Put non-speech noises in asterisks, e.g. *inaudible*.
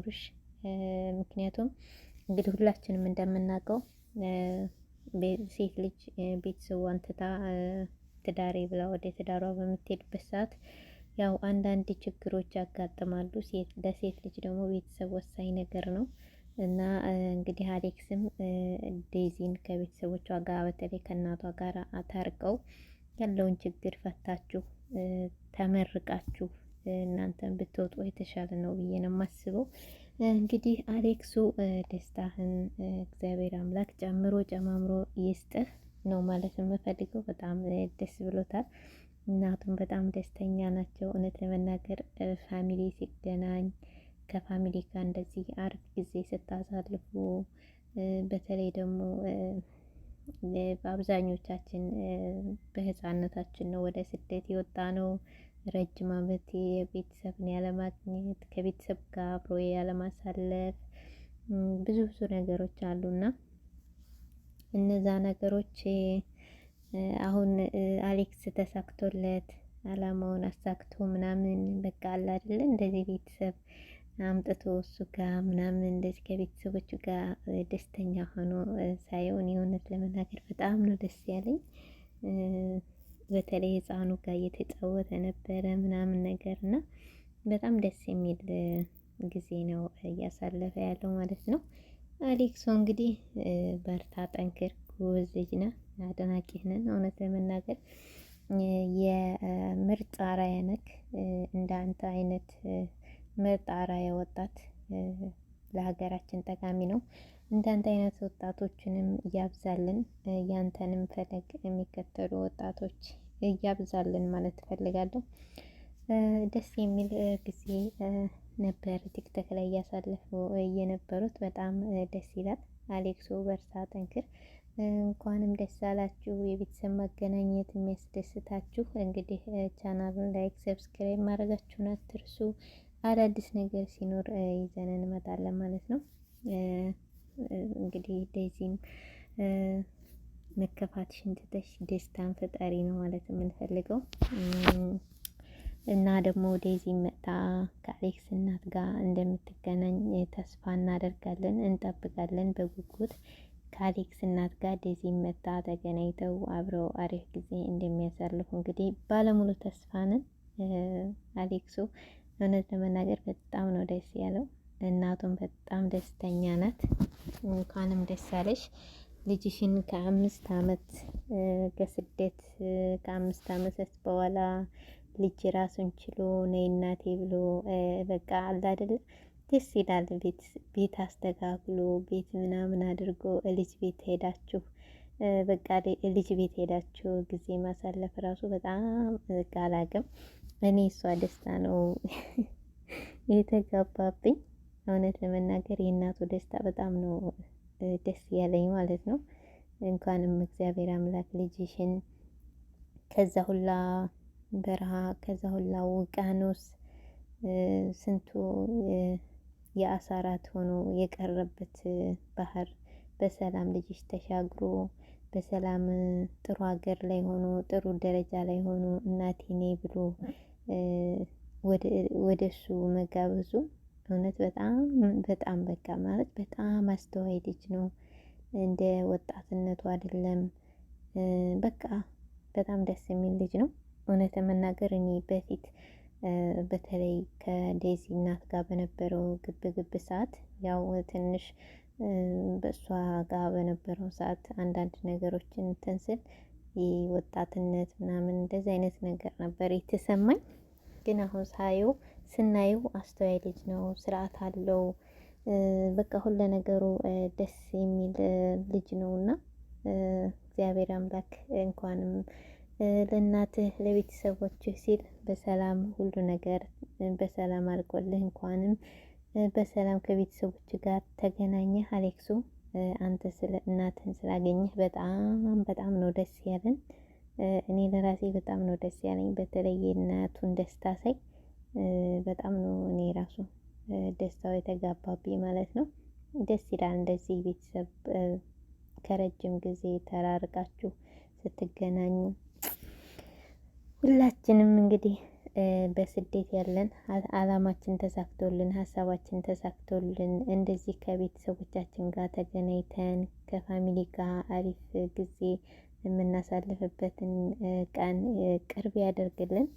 አብርሽ። ምክንያቱም እንግዲህ ሁላችንም እንደምናውቀው ሴት ልጅ ቤተሰቧን ትታ ትዳሬ ብላ ወደ ትዳሯ በምትሄድበት ሰዓት ያው አንዳንድ ችግሮች ያጋጥማሉ። ለሴት ልጅ ደግሞ ቤተሰብ ወሳኝ ነገር ነው እና እንግዲህ አሌክስም ዴዚን ከቤተሰቦቿ ጋር በተለይ ከእናቷ ጋር አታርቀው ያለውን ችግር ፈታችሁ ተመርቃችሁ እናንተን ብትወጡ የተሻለ ነው ብዬ ነው የማስበው። እንግዲህ አሌክሱ ደስታህን እግዚአብሔር አምላክ ጨምሮ ጨማምሮ ይስጥህ ነው ማለት የምፈልገው። በጣም ደስ ብሎታል። እናቱም በጣም ደስተኛ ናቸው። እውነት ለመናገር ፋሚሊ ሲገናኝ ከፋሚሊ ጋር እንደዚህ አሪፍ ጊዜ ስታሳልፉ በተለይ ደግሞ በአብዛኞቻችን በህፃነታችን ነው ወደ ስደት የወጣ ነው። ረጅም ዓመት የቤተሰብን ያለማግኘት ከቤተሰብ ጋር አብሮ ያለማሳለፍ ብዙ ብዙ ነገሮች አሉና እነዛ ነገሮች አሁን አሌክስ ተሳክቶለት አላማውን አሳክቶ ምናምን በቃ አለ አይደለ እንደዚህ ቤተሰብ አምጥቶ እሱ ጋር ምናምን እንደዚህ ከቤተሰቦቹ ጋር ደስተኛ ሆኖ ሳየውን የእውነት ለመናገር በጣም ነው ደስ ያለኝ። በተለይ ህፃኑ ጋር እየተጫወተ ነበረ ምናምን ነገር እና በጣም ደስ የሚል ጊዜ ነው እያሳለፈ ያለው ማለት ነው። አሌክሶ እንግዲህ በርታ፣ ጠንክር፣ ጎበዝ ልጅ ነህ፣ አድናቂህ ነን። እውነት ለመናገር የምርጥ አራያ ነክ እንደ አንተ አይነት ምርጥ አራያ ወጣት ለሀገራችን ጠቃሚ ነው። እንዳንተ አይነት ወጣቶችንም እያብዛልን ያንተንም ፈለግ የሚከተሉ ወጣቶች እያብዛልን ማለት እፈልጋለሁ። ደስ የሚል ጊዜ ነበር ቲክቶክ ላይ እያሳለፉ የነበሩት። በጣም ደስ ይላል። አሌክሶ በርታ፣ ጠንክር። እንኳንም ደስ አላችሁ። የቤተሰብ መገናኘት የሚያስደስታችሁ እንግዲህ ቻናሉን ላይክ፣ ሰብስክራይብ ማድረጋችሁን አትርሱ። አዳዲስ ነገር ሲኖር ይዘን እንመጣለን ማለት ነው። እንግዲህ ደዚህም መከፋትሽን ትተሽ ደስታን ፈጣሪ ነው ማለት የምንፈልገው እና ደግሞ ዴዚ መጣ ከአሌክስ እናት ጋር እንደምትገናኝ ተስፋ እናደርጋለን፣ እንጠብቃለን በጉጉት ከአሌክስ እናት ጋር ዴዚ መጣ ተገናኝተው አብረው አሪፍ ጊዜ እንደሚያሳልፉ እንግዲህ ባለሙሉ ተስፋ ነን። አሌክሱ እውነት ለመናገር በጣም ነው ደስ ያለው። እናቱም በጣም ደስተኛ ናት። እንኳንም ደስ አለሽ ልጅሽን ከአምስት አመት ከስደት ከአምስት ዓመት በኋላ ልጅ ራሱን ችሎ ነይ እናቴ ብሎ በቃ አለ አይደለ ደስ ይላል። ቤት አስተካክሎ ቤት ምናምን አድርጎ ልጅ ቤት ሄዳችሁ በቃ ልጅ ቤት ሄዳችሁ ጊዜ ማሳለፍ ራሱ በጣም በቃ አላቅም። እኔ እሷ ደስታ ነው *laughs* የተጋባብኝ። እውነት ለመናገር የእናቱ ደስታ በጣም ነው ደስ ያለኝ ማለት ነው። እንኳንም እግዚአብሔር አምላክ ልጅሽን ከዛ ሁላ በረሃ ከዛ ሁላ ውቅያኖስ ስንቱ የአሳራት ሆኖ የቀረበት ባህር በሰላም ልጅሽ ተሻግሮ በሰላም ጥሩ ሀገር ላይ ሆኖ ጥሩ ደረጃ ላይ ሆኖ እናቴ ነይ ብሎ ወደ እሱ መጋበዙ እውነት በጣም በጣም በቃ ማለት በጣም አስተዋይ ልጅ ነው። እንደ ወጣትነቱ አይደለም። በቃ በጣም ደስ የሚል ልጅ ነው። እውነት ለመናገር እኔ በፊት በተለይ ከዴዚ እናት ጋር በነበረው ግብ ግብ ሰዓት ያው ትንሽ በእሷ ጋር በነበረው ሰዓት አንዳንድ ነገሮችን ተንስል ወጣትነት ምናምን እንደዚህ አይነት ነገር ነበር የተሰማኝ። ግን አሁን ሳየው ስናየው አስተዋይ ልጅ ነው፣ ስርዓት አለው፣ በቃ ሁለ ነገሩ ደስ የሚል ልጅ ነው እና እግዚአብሔር አምላክ እንኳንም ለእናትህ ለቤተሰቦችህ ሲል በሰላም ሁሉ ነገር በሰላም አድርጎልህ እንኳንም በሰላም ከቤተሰቦች ጋር ተገናኘህ። አሌክሱ አንተ ስለ እናትህን ስላገኘህ በጣም በጣም ነው ደስ ያለን። እኔ ለራሴ በጣም ነው ደስ ያለኝ። በተለይ እናቱን ደስታ ሳይ በጣም ነው እኔ ራሱ ደስታው የተጋባብኝ ማለት ነው። ደስ ይላል እንደዚህ ቤተሰብ ከረጅም ጊዜ ተራርቃችሁ ስትገናኙ። ሁላችንም እንግዲህ በስደት ያለን አላማችን ተሳክቶልን ሀሳባችን ተሳክቶልን እንደዚህ ከቤተሰቦቻችን ጋር ተገናኝተን ከፋሚሊ ጋር አሪፍ ጊዜ የምናሳልፍበትን ቀን ቅርብ ያደርግልን።